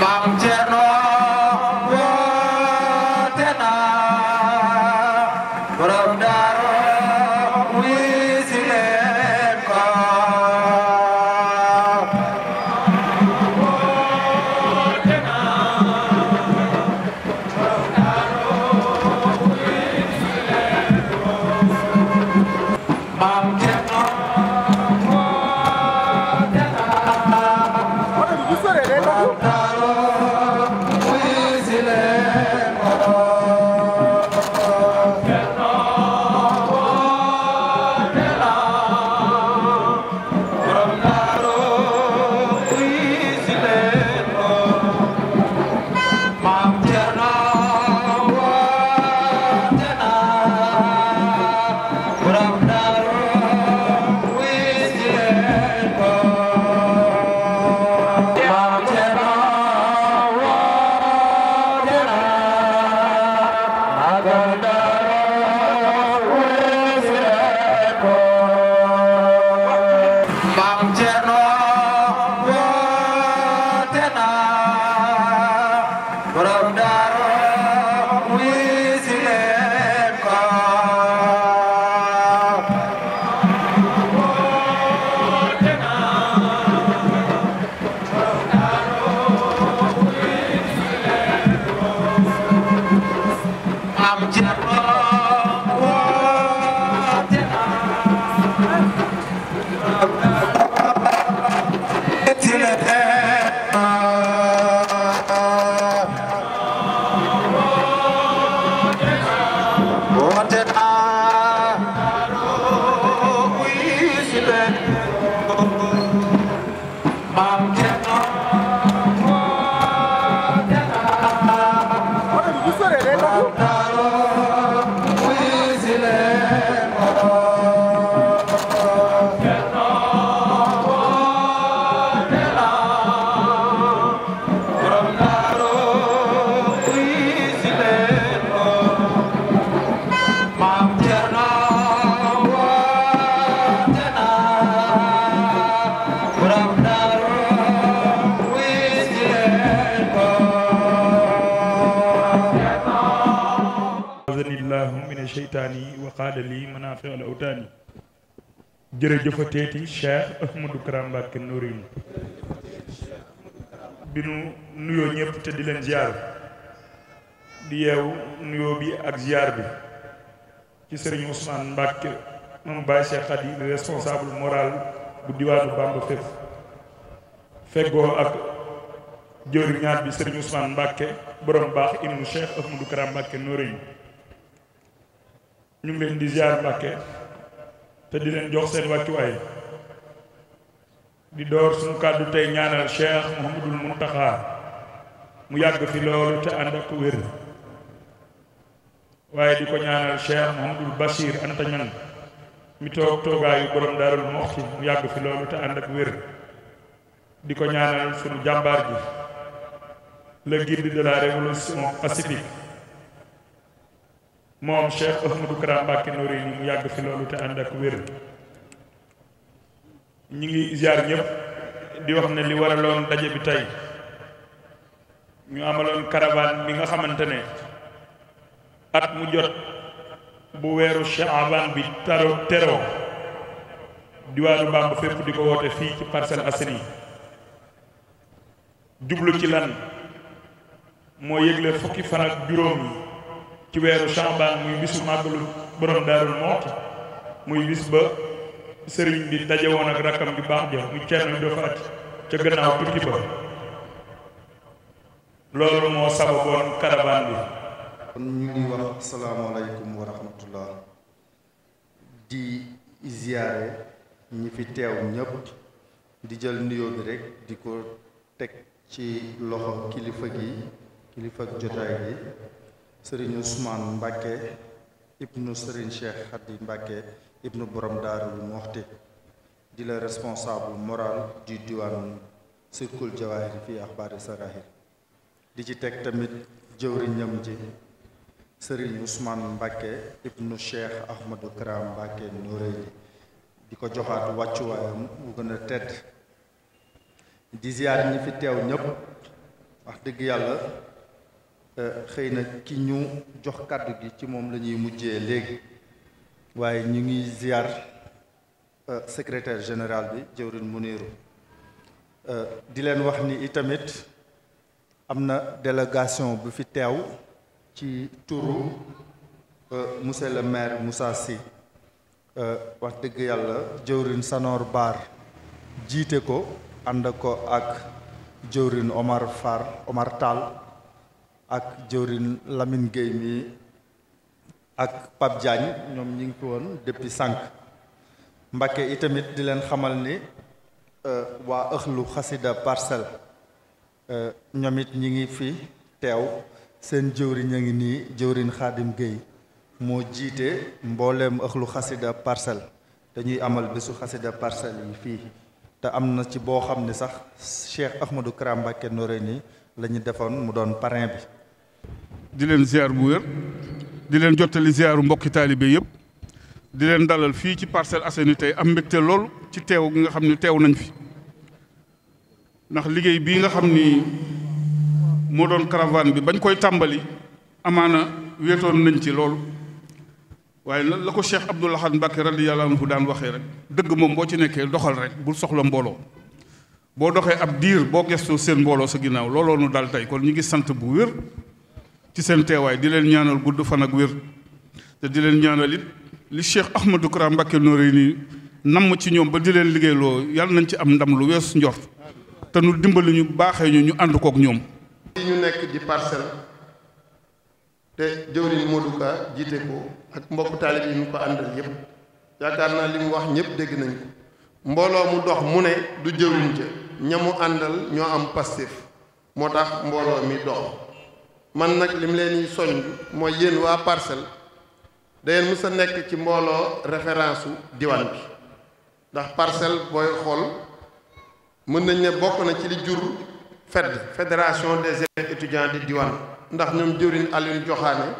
Bang Cerno kitaani wa qaada lii manaafi al awtaani jërëjëfateeti Cheikh Ahmadou Kara Mbacké Noreyni bi nu nuyoo ñëpp te di leen ziar di yeew nuyoo bi ak ziar bi ci sëriñ Ousmane Mbacké moom Baye Cheikh Khady responsable moral bu diwaanu Bamba fépp feggoo ak jëwriñ ñaar bi sëriñ Ousmane Mbacké borom baax ibnu Cheikh Ahmadou Kara Mbacké Noreyni ñu ngi di ziar Mbàkke te di leen jox seen wàccuwaay di door suñu kàddu tey ñaanal Cheikh Mouhamadul Muntaxa mu yàgg fi loolu te ànd ak wér waaye di ko ñaanal Cheikh Mouhamadul Bachir Anta Ñang mi toog toogaayu borom Daarul Muxti mu yàgg fi loolu te ànd ak wér di ko ñaanal suñu jàmbaar ji le guide de la révolution pacifique moom Cheikh Ahmadou Kara Mbacké mu yàgg fi loolu te ànd ak wér ñi ngi ziar ñëpp di wax ne li waraloon daje bi tey ñu amaloon caravane bi nga xamante ne at mu jot bu weeru Shaaban bi taro teroo diwaanu Bamba fépp di ko woote fii ci Parcelles Assainies jublu ci lan moo yëgle fukki fan juróom ci weeru Shaaban muy bisu màggalu borom daarul moot muy bis ba sëriñ bi daje woon ak rakkam ju baax ja mu Ceerno Ido Faati ca gannaaw tukki loolu moo sababoon caravane bi kon ñu ngi wax asalaamaaleykum wa rahmatullah di ziyaare ñi fi teew ñëpp di jël nuyoo bi rek di ko teg ci loxo kilifa gi kilifa jotaay gi sëriñ Ousmane Mbacke ibnu sëriñ Cheikh Khady Mbacke ibnu borom Daarul Muxti di la responsable moral du diwaan Sirkul Jawaahir fii axbaari sarahir di ci teg tamit jëwriñam ji sëriñ Ousmane Mbacke ibnu Cheikh Ahmadou Karam Mbacke Noreyni di ko joxaat wàccuwaayam mu gën a tedd di ziyaar ñi fi teew ñëpp wax dëgg yàlla Euh, xëy na ki ñu jox kàddu gi ci moom lañuy mujjee léegi waaye ñu ngi ziar euh, secretaire général bi jëwrin Muniru euh, di leen wax ni itamit am na délégation bu fi teew ci turu monsieur le maire Moussa Sy wax dëgg yàlla jëwrin sanoor Baar jiite ko ànd ko ak jëwrin Omar Far Omar Tall ak jorin Lamine Gueye mi ak pap jagne ñom ñi ngi won depuis sank mbacke itamit di len xamal ni wa akhlu khasida parcel euh ñomit ñi ngi fi tew sen yang ñi ngi ni jorin khadim Gueye mo jité mbollem akhlu khasida parcel dañuy amal bisu khasida parcel yi fi. ta amna ci bo xamne sax Cheikh Ahmadou Kara Mbacké Noreyni la mu don parrain bi di leen ziar bu wér di leen jottali ziaru mbokki taalibe yëpp di leen dalal fii ci Parcelles Assainies tey am mbégte lool ci teew gi nga xam ne teew nañ fi ndax liggéey bii nga xam ni moo doon caravane bi bañ koy tàmbali amaana wéetoon nañ ci lool waaye la ko Cheikh Abdoul Ahad yàlla radiyallahu anhu daan waxee rek dëgg moom boo ci nekkee doxal rek bul soxla mbooloo boo doxee ab diir boo gestoo seen mbooloo sa ginnaaw looloo dal daal tey kon ñu ngi sant bu wér ci seen teewaay di leen ñaanal gudd fan ak wér te di leen ñaanal it li Cheikh Ahmadou Kara Mbacké Noreyni namm ci ñoom ba di leen liggéeyloo yàlla nañ ci am ndam lu wees njort te nu dimbali ñu baaxee ñu ñu ànd kook ñoom. yi ñu nekk di parcelle te jëwriñ Modou Ka jiite ko ak mbokk taalib yi ñu ko àndal yépp yaakaar naa li mu wax ñëpp dégg nañ mbooloo mu dox mu ne du jëwriñ ca ñamu àndal ñoo am Pastef moo tax mbooloo mi dox. man nag li mu leen di soññ mooy yéen waa parcelle dangeen mës a nekk ci mbooloo référence u diwaan bi ndax parcelle booy xool mën nañ ne bokk na ci li jur FED fédération des élèves di diwaan ndax ñoom jëwriñ Alioune Joxaane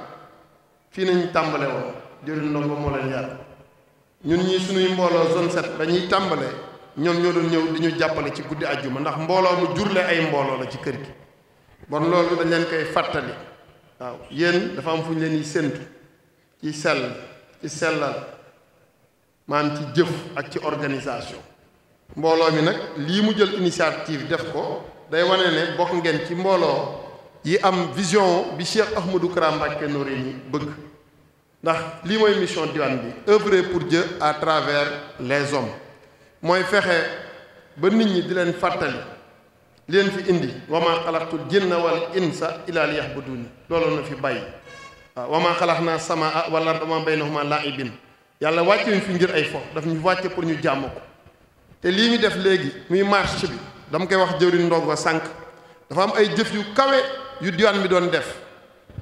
fii nañ tàmbale woon jëwriñ ndongo moo leen yar ñun ñi suñuy mbooloo zone 7 dañuy tàmbale ñoom ñoo doon ñëw di ñu jàppale ci guddi àjjuma ndax mbooloo mu jurle ay mbooloo la ci kër gi bon loolu dañ leen koy fàttali waaw yéen dafa am fu ñu leen yi séntu ci sell ci sellal maanaam ci jëf ak ci organisation mbooloo mi nag lii mu jël initiative def ko day wane ne bokk ngeen ci mbooloo yi am vision bi Cheikh Ahmadou Kara Mbacké Noreyni bëgg ndax lii mooy mission diwaan bi œuvrer pour Dieu à travers les hommes mooy fexe ba nit ñi di leen fàttali li leen fi indi wa maa xalaqtul jinna wal insa illa liyahbuduni loolu na fi bàyyi waaw wa maa xalaq naa samaa wal arda wa maa baynahuma laa'ibin yàlla wàcce ñu fi ngir ay fo daf ñu wàcce pour ñu jàmm ko te lii ñu def léegi muy marche bi dama koy wax jëwriñ ndongo sànq dafa am ay jëf yu kawe yu diwaan bi doon def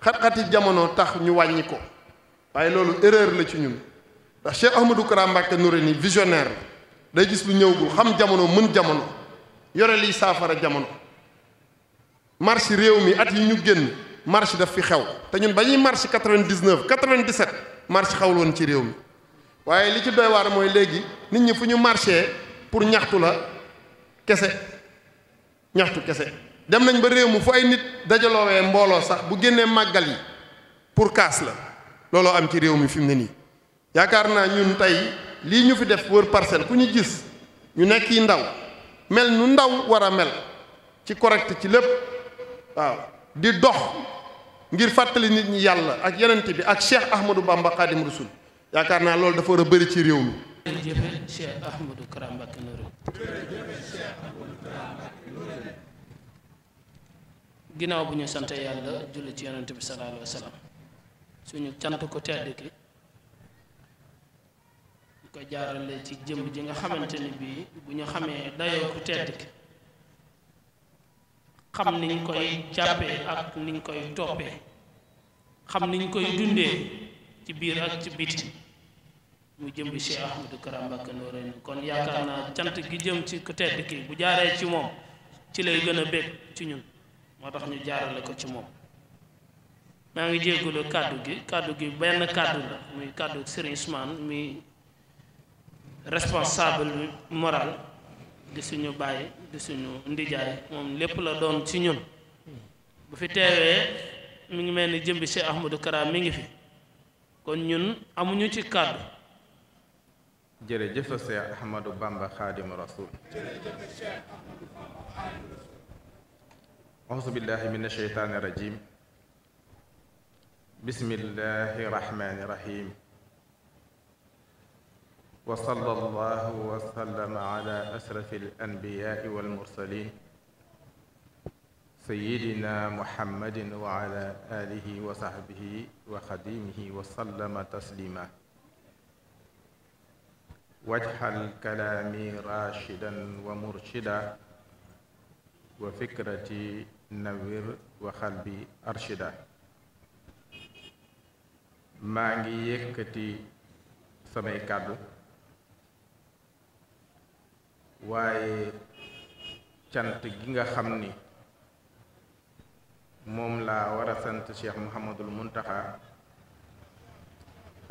xat-xati jamono tax ñu wàññi ko waaye loolu erreur la ci ñun ndax Cheikh Ahmadou Kara Mbacké Noreyni visionnaire la day gis lu ñëwgul xam jamono mën jamono yore liy saafara jamono marche réew mi at yi ñu génn marche def fi xew te ñun ba ñuy marche 99 97 marche xawul woon ci réew mi waaye li ci doy waar mooy léegi nit ñi fu ñu marché pour ñaxtu la kese ñaxtu kese dem nañ ba réew mi fu ay nit dajaloowee mbooloo sax bu génnee màggal yi pour kaas la looloo am ci réew mi fi mu ne nii yaakaar naa ñun tey lii ñu fi def wër parcelle ku ñu gis ñu nekk yi ndaw mel nu ndaw war a mel ci correct ci lépp waaw di dox ngir fàttali nit ñi yàlla ak yenent bi ak Cheikh Ahmadou Bamba Khadim Rasoul yaakaar naa loolu dafa war a bari ci réew mi jërëjëf Cheikh Ahmadou Kara ginnaaw bu ñu sant yàlla julli ci yonent bi sallallahu alayhi wa sallam cant ko tedd ki ko jaarale ci jëm ji nga xamante ni bii bu ñu xamee dayoo ku tedd ki xam niñ koy jàppee ak niñ koy toppee xam niñ koy dundee ci biir ak ci biti mu jëm si Cheikh Ahmadou Kara kon yaakaar naa cant gi jëm ci ku tedd ki bu jaaree ci moom ci lay gën a bég ci ñun moo tax ñu jaarale ko ci moom maa ngi jéggulu kàddu gi kàddu gi benn kàddu la muy kàddu Serigne Ousmane responsable moral di suñu bàyyi di suñu ndijaay moom lépp la doon ci ñun bu fi teewee mu ngi mel ni jëmbi Cheikh Ahmadou Kara mi ngi fi kon ñun amuñu ci kàddu jërëjëf Cheikh Ahmadou Bamba Xaadimu Rasuul auzu billahi min asheytaani rajim bismillahi rahmaani rahim وصلى الله وسلم على أسرف الأنبياء والمرسلين سيدنا محمد وعلى آله وصحبه وخديمه وسلم تسليما وجه كلامي راشدا ومرشدا وفكرتي نوير وقلبي أرشدا ما يكتي سمي كادو waaye cant gi nga xam ni moom laa war a sant cheikh muhammadul muntaxa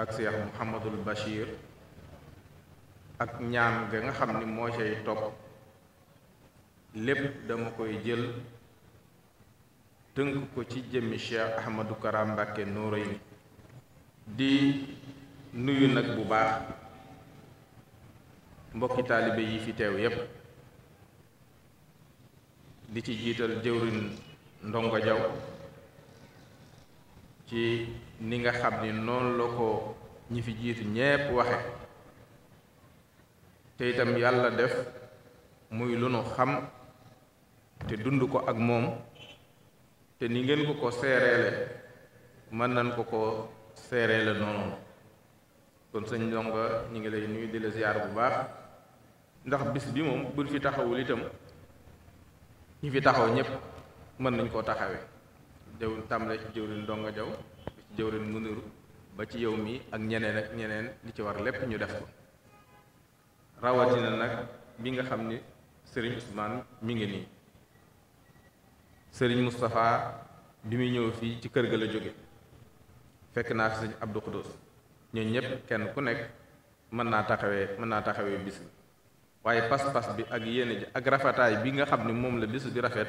ak cheikh muhammadul bashir ak ñaan ga nga xam ni moo cay topp lépp dama koy jël tënk ko ci jëmmi cheikh ahmadou kara mbàkke nooréy ni di nuyu nag bu baax mbokki taalibe yi fi teew yépp di ci jiital jëwrin ndongo jaw ci ni nga xam ni noonu la ko ñi fi jiitu ñépp waxe te itam yàlla def muy lu nu xam te dund ko ak moom te ni ngeen ko ko seereele mën nañ ko ko seereele noonu kon sëñ ndongo ñu ngi lay nuyu di la bu baax ndax bis bi moom buñ fi taxawul itam ñu fi taxaw ñépp mën nañ koo taxawee jëw tàmbalee ci jëwriñ donga jaw ci jëwriñ muniru ba ci yow mi ak ñeneen ak ñeneen li ci war lépp ñu def ko rawatina nag bi nga xam ni sëriñ Ousmane mi ngi nii sëriñ Moustapha bi muy ñëw fii ci kër gi la jóge fekk naa fi sëñ Abdou Khoudous ñooñu ñëpp kenn ku nekk mën naa taxawee mën naa taxawee bis bi waaye pas-pas bi ak yéene ji ak rafetaay bi nga xam ne moom la bis bi rafet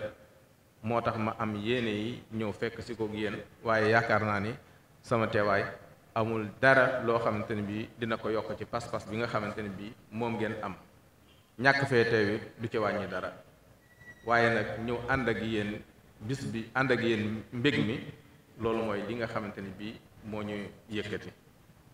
moo tax ma am yéene yi ñëw fekk si koog yéen waaye yaakaar naa ni sama teewaay amul dara loo xamante ni bii dina ko yokk ci pas-pas bi nga xamante ni bii moom ngeen am ñàkk fee teew it du ci wàññi dara waaye nag ñëw ànd ak yéen bis bi ànd ak yéen mbég mi loolu mooy li nga xamante ni bii moo ñu yëkkati